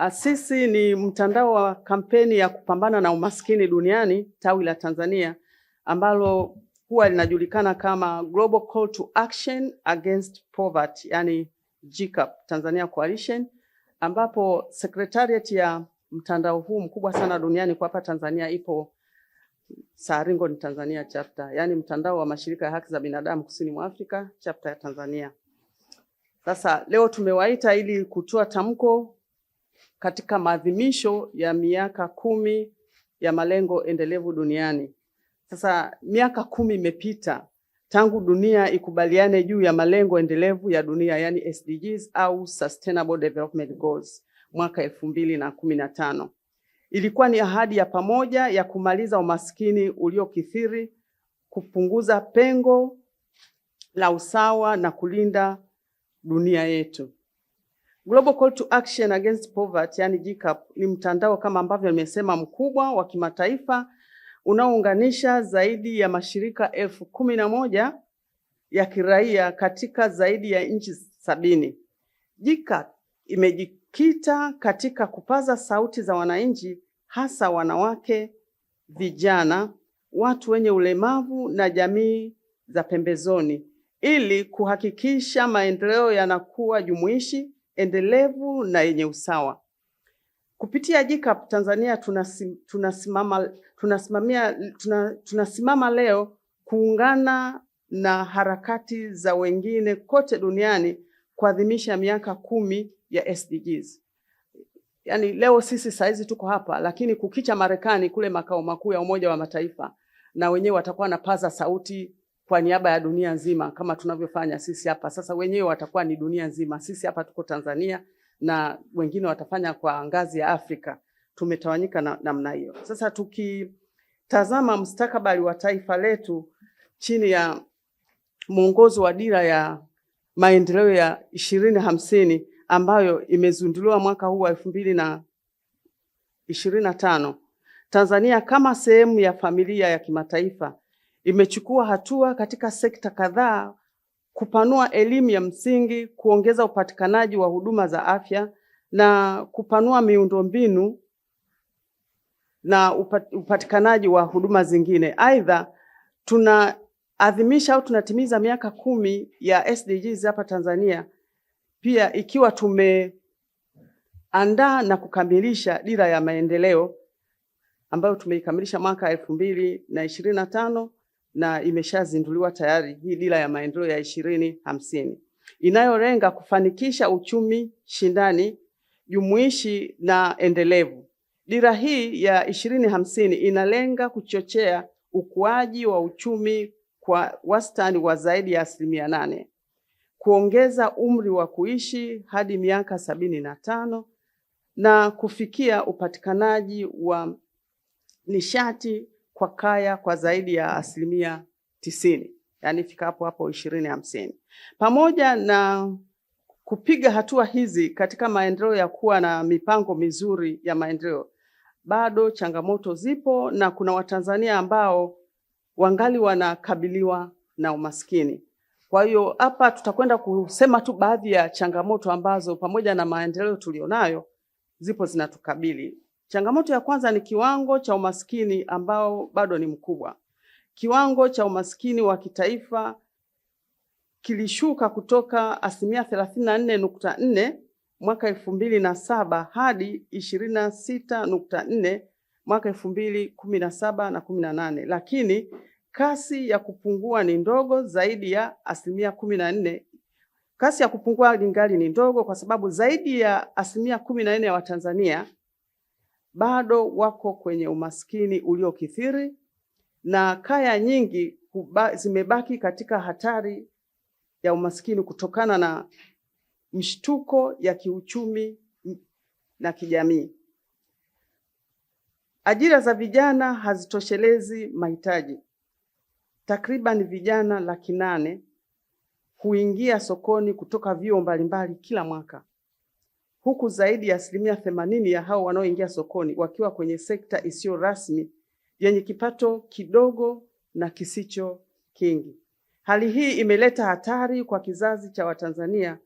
Ah, sisi ni mtandao wa kampeni ya kupambana na umaskini duniani tawi la Tanzania ambalo huwa linajulikana kama Global Call to Action Against Poverty, yani GCAP Tanzania Coalition, ambapo secretariat ya mtandao huu mkubwa sana duniani kwa hapa Tanzania ipo Saringo ni Tanzania chapter, yani mtandao wa mashirika ya haki za binadamu kusini mwa Afrika chapter ya Tanzania. Sasa leo tumewaita ili kutoa tamko katika maadhimisho ya miaka kumi ya malengo endelevu duniani. Sasa miaka kumi imepita tangu dunia ikubaliane juu ya malengo endelevu ya dunia yani SDGs au Sustainable Development Goals mwaka elfu mbili na kumi na tano. Ilikuwa ni ahadi ya pamoja ya kumaliza umaskini uliokithiri, kupunguza pengo la usawa na kulinda dunia yetu. Global Call to Action Against Poverty, yani GCAP, ni mtandao kama ambavyo nimesema mkubwa wa kimataifa unaounganisha zaidi ya mashirika elfu kumi na moja ya kiraia katika zaidi ya nchi sabini. GCAP imejikita katika kupaza sauti za wananchi, hasa wanawake, vijana, watu wenye ulemavu na jamii za pembezoni, ili kuhakikisha maendeleo yanakuwa jumuishi endelevu na yenye usawa. Kupitia GCAP Tanzania tunasim, tunasimama, tunasimamia, tuna, tunasimama leo kuungana na harakati za wengine kote duniani kuadhimisha miaka kumi ya SDGs. Yaani leo sisi saizi tuko hapa, lakini kukicha Marekani kule makao makuu ya Umoja wa Mataifa na wenyewe watakuwa na paza sauti kwa niaba ya dunia nzima kama tunavyofanya sisi hapa. Sasa wenyewe watakuwa ni dunia nzima, sisi hapa tuko Tanzania na wengine watafanya kwa ngazi ya Afrika. Tumetawanyika namna na hiyo. Sasa tukitazama mustakabali wa taifa letu chini ya mwongozo wa dira ya maendeleo ya ishirini hamsini ambayo imezinduliwa mwaka huu wa elfu mbili na ishirini na tano Tanzania kama sehemu ya familia ya kimataifa imechukua hatua katika sekta kadhaa kupanua elimu ya msingi, kuongeza upatikanaji wa huduma za afya na kupanua miundombinu na upatikanaji wa huduma zingine. Aidha, tunaadhimisha au tunatimiza miaka kumi ya SDGs hapa Tanzania, pia ikiwa tumeandaa na kukamilisha dira ya maendeleo ambayo tumeikamilisha mwaka elfu mbili na ishirini na tano na imeshazinduliwa tayari hii dira ya maendeleo ya ishirini hamsini inayolenga kufanikisha uchumi shindani jumuishi na endelevu. Dira hii ya ishirini hamsini inalenga kuchochea ukuaji wa uchumi kwa wastani wa zaidi ya asilimia nane, kuongeza umri wa kuishi hadi miaka sabini na tano na kufikia upatikanaji wa nishati kwa kaya kwa zaidi ya asilimia tisini, yaani ifikapo hapo ishirini hamsini. Pamoja na kupiga hatua hizi katika maendeleo ya kuwa na mipango mizuri ya maendeleo, bado changamoto zipo na kuna Watanzania ambao wangali wanakabiliwa na umaskini. Kwa hiyo hapa tutakwenda kusema tu baadhi ya changamoto ambazo pamoja na maendeleo tulionayo zipo zinatukabili. Changamoto ya kwanza ni kiwango cha umaskini ambao bado ni mkubwa. Kiwango cha umaskini wa kitaifa kilishuka kutoka asilimia thelathini na nne nukta nne mwaka elfu mbili na saba hadi ishirini na sita nukta nne mwaka elfu mbili kumi na saba na kumi na nane lakini kasi ya kupungua ni ndogo zaidi ya asilimia kumi na nne. Kasi ya kupungua lingali ni ndogo kwa sababu zaidi ya asilimia kumi na nne ya Watanzania bado wako kwenye umaskini uliokithiri na kaya nyingi zimebaki katika hatari ya umaskini kutokana na mshtuko ya kiuchumi na kijamii. Ajira za vijana hazitoshelezi mahitaji. Takriban vijana laki nane huingia sokoni kutoka vyuo mbalimbali kila mwaka huku zaidi ya asilimia themanini ya hao wanaoingia sokoni wakiwa kwenye sekta isiyo rasmi yenye kipato kidogo na kisicho kingi. Hali hii imeleta hatari kwa kizazi cha Watanzania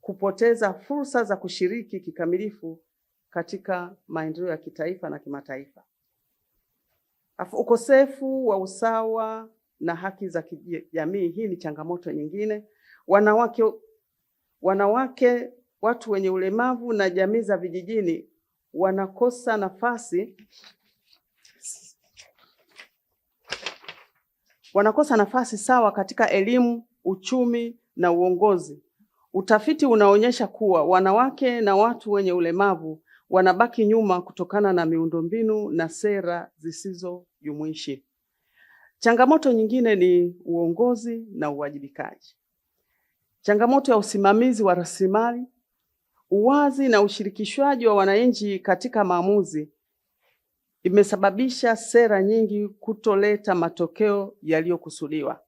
kupoteza fursa za kushiriki kikamilifu katika maendeleo ya kitaifa na kimataifa. Afu, ukosefu wa usawa na haki za kijamii, hii ni changamoto nyingine. Wanawake wanawake watu wenye ulemavu na jamii za vijijini wanakosa nafasi wanakosa nafasi sawa katika elimu, uchumi na uongozi. Utafiti unaonyesha kuwa wanawake na watu wenye ulemavu wanabaki nyuma kutokana na miundombinu na sera zisizojumuishi. Changamoto nyingine ni uongozi na uwajibikaji. Changamoto ya usimamizi wa rasilimali uwazi na ushirikishwaji wa wananchi katika maamuzi imesababisha sera nyingi kutoleta matokeo yaliyokusudiwa.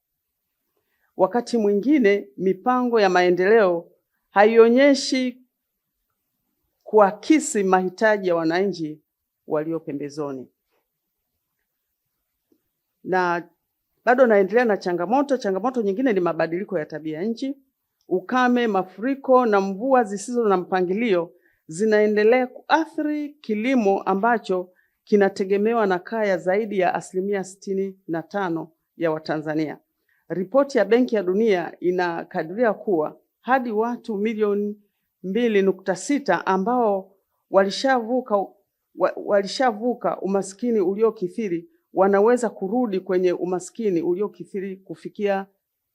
Wakati mwingine mipango ya maendeleo haionyeshi kuakisi mahitaji ya wananchi walio pembezoni. Na bado naendelea na changamoto. Changamoto nyingine ni mabadiliko ya tabia nchi ukame, mafuriko na mvua zisizo na mpangilio zinaendelea kuathiri kilimo ambacho kinategemewa na kaya zaidi ya asilimia sitini na tano ya Watanzania. Ripoti ya Benki ya Dunia inakadiria kuwa hadi watu milioni mbili nukta sita ambao walishavuka walishavuka umaskini uliokithiri wanaweza kurudi kwenye umaskini uliokithiri kufikia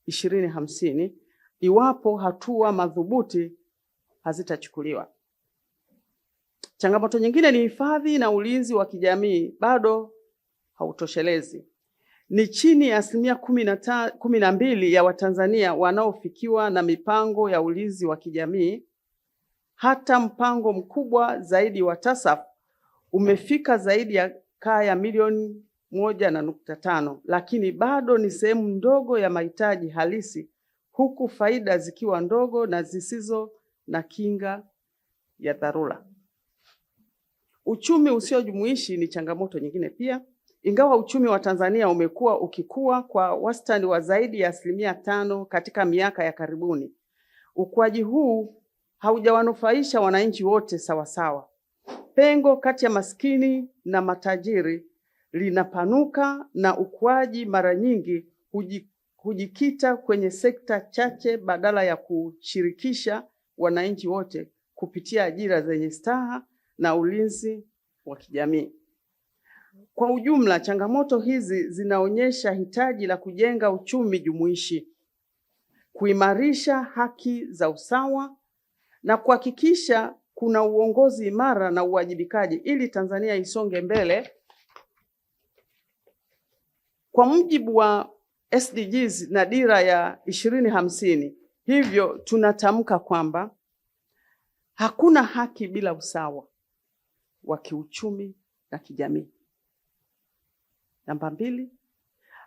ishirini hamsini iwapo hatua madhubuti hazitachukuliwa. Changamoto nyingine ni hifadhi na ulinzi wa kijamii bado hautoshelezi. Ni chini ya asilimia kumi na mbili ya Watanzania wanaofikiwa na mipango ya ulinzi wa kijamii. Hata mpango mkubwa zaidi wa TASAF umefika zaidi ya kaya milioni moja na nukta tano, lakini bado ni sehemu ndogo ya mahitaji halisi huku faida zikiwa ndogo na zisizo na kinga ya dharura. Uchumi usiojumuishi ni changamoto nyingine pia. Ingawa uchumi wa Tanzania umekuwa ukikua kwa wastani wa zaidi ya asilimia tano katika miaka ya karibuni, ukuaji huu haujawanufaisha wananchi wote sawasawa. Pengo kati ya maskini na matajiri linapanuka na ukuaji mara nyingi huji hujikita kwenye sekta chache badala ya kushirikisha wananchi wote kupitia ajira zenye staha na ulinzi wa kijamii. Kwa ujumla, changamoto hizi zinaonyesha hitaji la kujenga uchumi jumuishi, kuimarisha haki za usawa na kuhakikisha kuna uongozi imara na uwajibikaji ili Tanzania isonge mbele. Kwa mujibu wa SDGs na dira ya ishirini hamsini. Hivyo tunatamka kwamba hakuna haki bila usawa wa kiuchumi na kijamii. Namba mbili,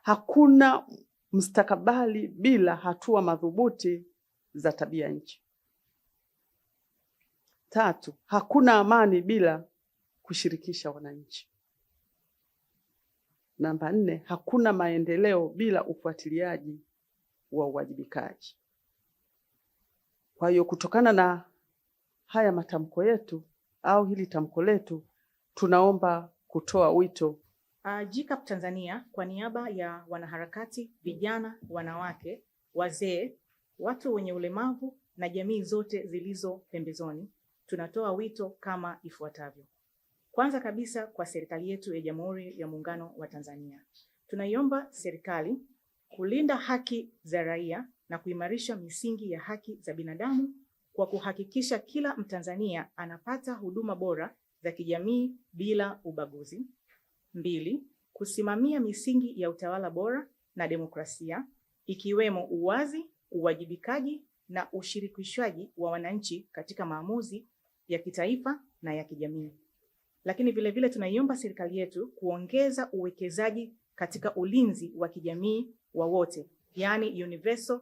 hakuna mstakabali bila hatua madhubuti za tabia nchi. Tatu, hakuna amani bila kushirikisha wananchi. Namba nne, hakuna maendeleo bila ufuatiliaji wa uwajibikaji. Kwa hiyo kutokana na haya matamko yetu au hili tamko letu, tunaomba kutoa wito ah, GCAP Tanzania kwa niaba ya wanaharakati, vijana, wanawake, wazee, watu wenye ulemavu na jamii zote zilizo pembezoni, tunatoa wito kama ifuatavyo. Kwanza kabisa kwa serikali yetu ya Jamhuri ya Muungano wa Tanzania, tunaiomba serikali kulinda haki za raia na kuimarisha misingi ya haki za binadamu kwa kuhakikisha kila Mtanzania anapata huduma bora za kijamii bila ubaguzi. Mbili, kusimamia misingi ya utawala bora na demokrasia ikiwemo uwazi, uwajibikaji na ushirikishwaji wa wananchi katika maamuzi ya kitaifa na ya kijamii lakini vile vile tunaiomba serikali yetu kuongeza uwekezaji katika ulinzi wa kijamii wa wote, yani universal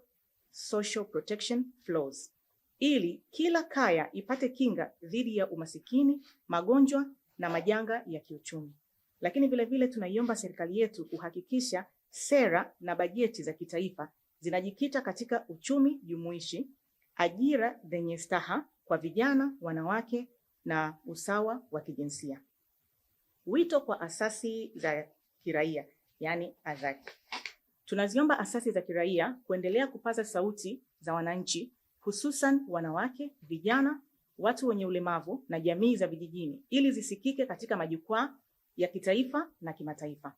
social protection floors, ili kila kaya ipate kinga dhidi ya umasikini, magonjwa na majanga ya kiuchumi. Lakini vile vile tunaiomba serikali yetu kuhakikisha sera na bajeti za kitaifa zinajikita katika uchumi jumuishi, ajira zenye staha kwa vijana, wanawake na usawa wa kijinsia. Wito kwa asasi za kiraia, yani AZAKI. Tunaziomba asasi za kiraia kuendelea kupaza sauti za wananchi, hususan wanawake, vijana, watu wenye ulemavu na jamii za vijijini ili zisikike katika majukwaa ya kitaifa na kimataifa.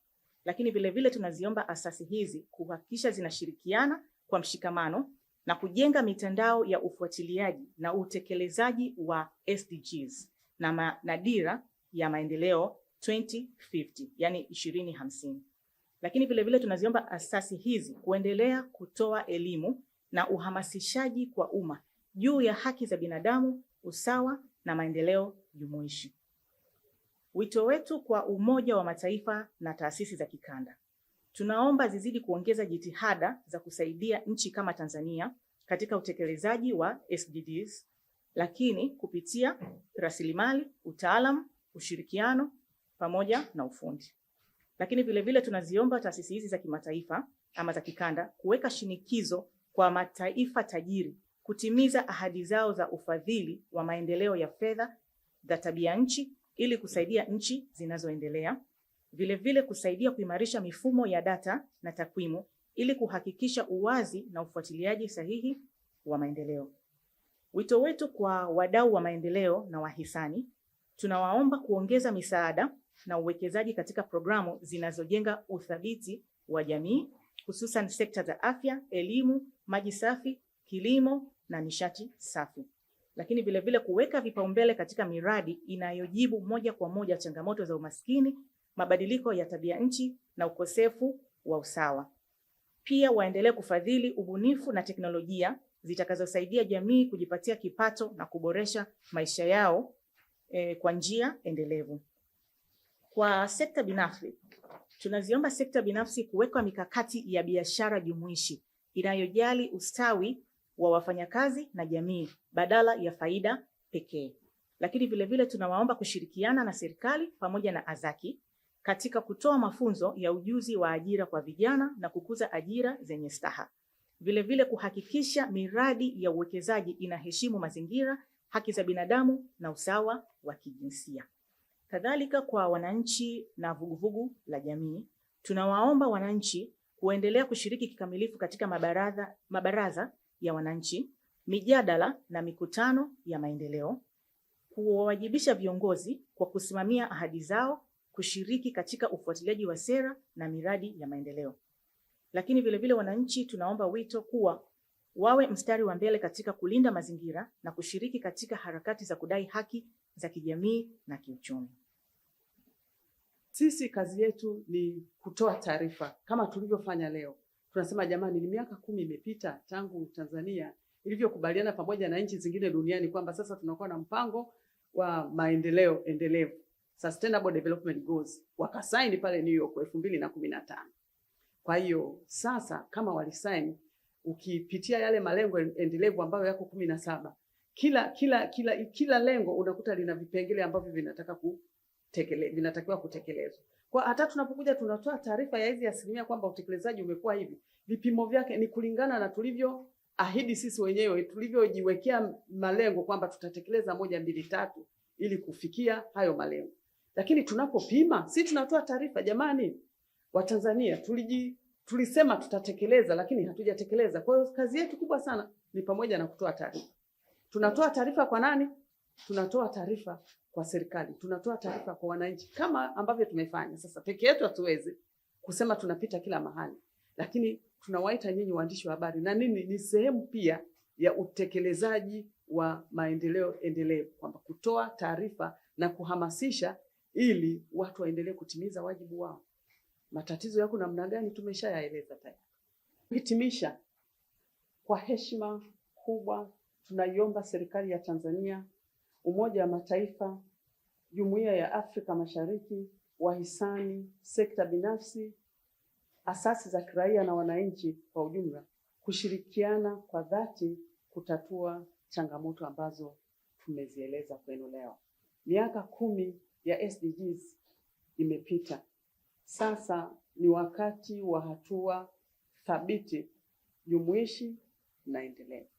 Lakini vilevile tunaziomba asasi hizi kuhakikisha zinashirikiana kwa mshikamano na kujenga mitandao ya ufuatiliaji na utekelezaji wa SDGs na, na dira ya maendeleo 2050 yani 2050. Lakini vilevile tunaziomba asasi hizi kuendelea kutoa elimu na uhamasishaji kwa umma juu ya haki za binadamu, usawa na maendeleo jumuishi. Wito wetu kwa Umoja wa Mataifa na taasisi za kikanda Tunaomba zizidi kuongeza jitihada za kusaidia nchi kama Tanzania katika utekelezaji wa SDGs, lakini kupitia rasilimali, utaalam, ushirikiano pamoja na ufundi. Lakini vilevile tunaziomba taasisi hizi za kimataifa ama za kikanda kuweka shinikizo kwa mataifa tajiri kutimiza ahadi zao za ufadhili wa maendeleo ya fedha za tabia nchi ili kusaidia nchi zinazoendelea. Vilevile kusaidia kuimarisha mifumo ya data na takwimu ili kuhakikisha uwazi na ufuatiliaji sahihi wa maendeleo. Wito wetu kwa wadau wa maendeleo na wahisani, tunawaomba kuongeza misaada na uwekezaji katika programu zinazojenga uthabiti wa jamii, hususan sekta za afya, elimu, maji safi, kilimo na nishati safi, lakini vilevile kuweka vipaumbele katika miradi inayojibu moja kwa moja changamoto za umaskini mabadiliko ya tabia nchi na ukosefu wa usawa. Pia waendelee kufadhili ubunifu na teknolojia zitakazosaidia jamii kujipatia kipato na kuboresha maisha yao e, kwa njia endelevu. Kwa sekta binafsi, tunaziomba sekta binafsi kuweka mikakati ya biashara jumuishi inayojali ustawi wa wafanyakazi na jamii badala ya faida pekee. Lakini vilevile tunawaomba kushirikiana na serikali pamoja na AZAKI katika kutoa mafunzo ya ujuzi wa ajira kwa vijana na kukuza ajira zenye staha. Vilevile kuhakikisha miradi ya uwekezaji inaheshimu mazingira, haki za binadamu na usawa wa kijinsia. Kadhalika, kwa wananchi na vuguvugu la jamii, tunawaomba wananchi kuendelea kushiriki kikamilifu katika mabaraza, mabaraza ya wananchi, mijadala na mikutano ya maendeleo, kuwawajibisha viongozi kwa kusimamia ahadi zao kushiriki katika ufuatiliaji wa sera na miradi ya maendeleo. Lakini vilevile wananchi, tunaomba wito kuwa wawe mstari wa mbele katika kulinda mazingira na kushiriki katika harakati za kudai haki za kijamii na kiuchumi. Sisi kazi yetu ni kutoa taarifa kama tulivyofanya leo. Tunasema jamani, ni miaka kumi imepita tangu Tanzania ilivyokubaliana pamoja na nchi zingine duniani kwamba sasa tunakuwa na mpango wa maendeleo endelevu. Sustainable Development Goals wakasaini pale New York elfu mbili na kumi na tano. Kwa hiyo sasa kama walisaini, ukipitia yale malengo endelevu ambayo yako kumi na saba, kila kila kila kila lengo unakuta lina vipengele ambavyo vinataka kutekelezwa, vinatakiwa kutekelezwa. Kwa hata tunapokuja tunatoa taarifa ya hizi asilimia kwamba utekelezaji umekuwa hivi, vipimo vyake ni kulingana na tulivyo ahidi sisi wenyewe tulivyojiwekea malengo kwamba tutatekeleza moja mbili tatu ili kufikia hayo malengo. Lakini tunapopima si tunatoa taarifa, jamani, Watanzania tuliji tulisema tutatekeleza, lakini hatujatekeleza. Kwa hiyo kazi yetu kubwa sana ni pamoja na kutoa taarifa. Tunatoa taarifa kwa nani? Tunatoa taarifa kwa serikali, tunatoa taarifa kwa wananchi, kama ambavyo tumefanya sasa. Peke yetu hatuwezi kusema tunapita kila mahali, lakini tunawaita nyinyi waandishi wa habari na nini, ni sehemu pia ya utekelezaji wa maendeleo endelevu, kwamba kutoa taarifa na kuhamasisha ili watu waendelee kutimiza wajibu wao. Matatizo yako namna gani tumeshayaeleza tayari. Hitimisha kwa heshima kubwa, tunaiomba serikali ya Tanzania, Umoja wa Mataifa, Jumuiya ya Afrika Mashariki, wahisani, sekta binafsi, asasi za kiraia na wananchi kwa ujumla kushirikiana kwa dhati kutatua changamoto ambazo tumezieleza kwenu leo. Miaka kumi ya SDGs imepita. Sasa ni wakati wa hatua thabiti, jumuishi na endelevu.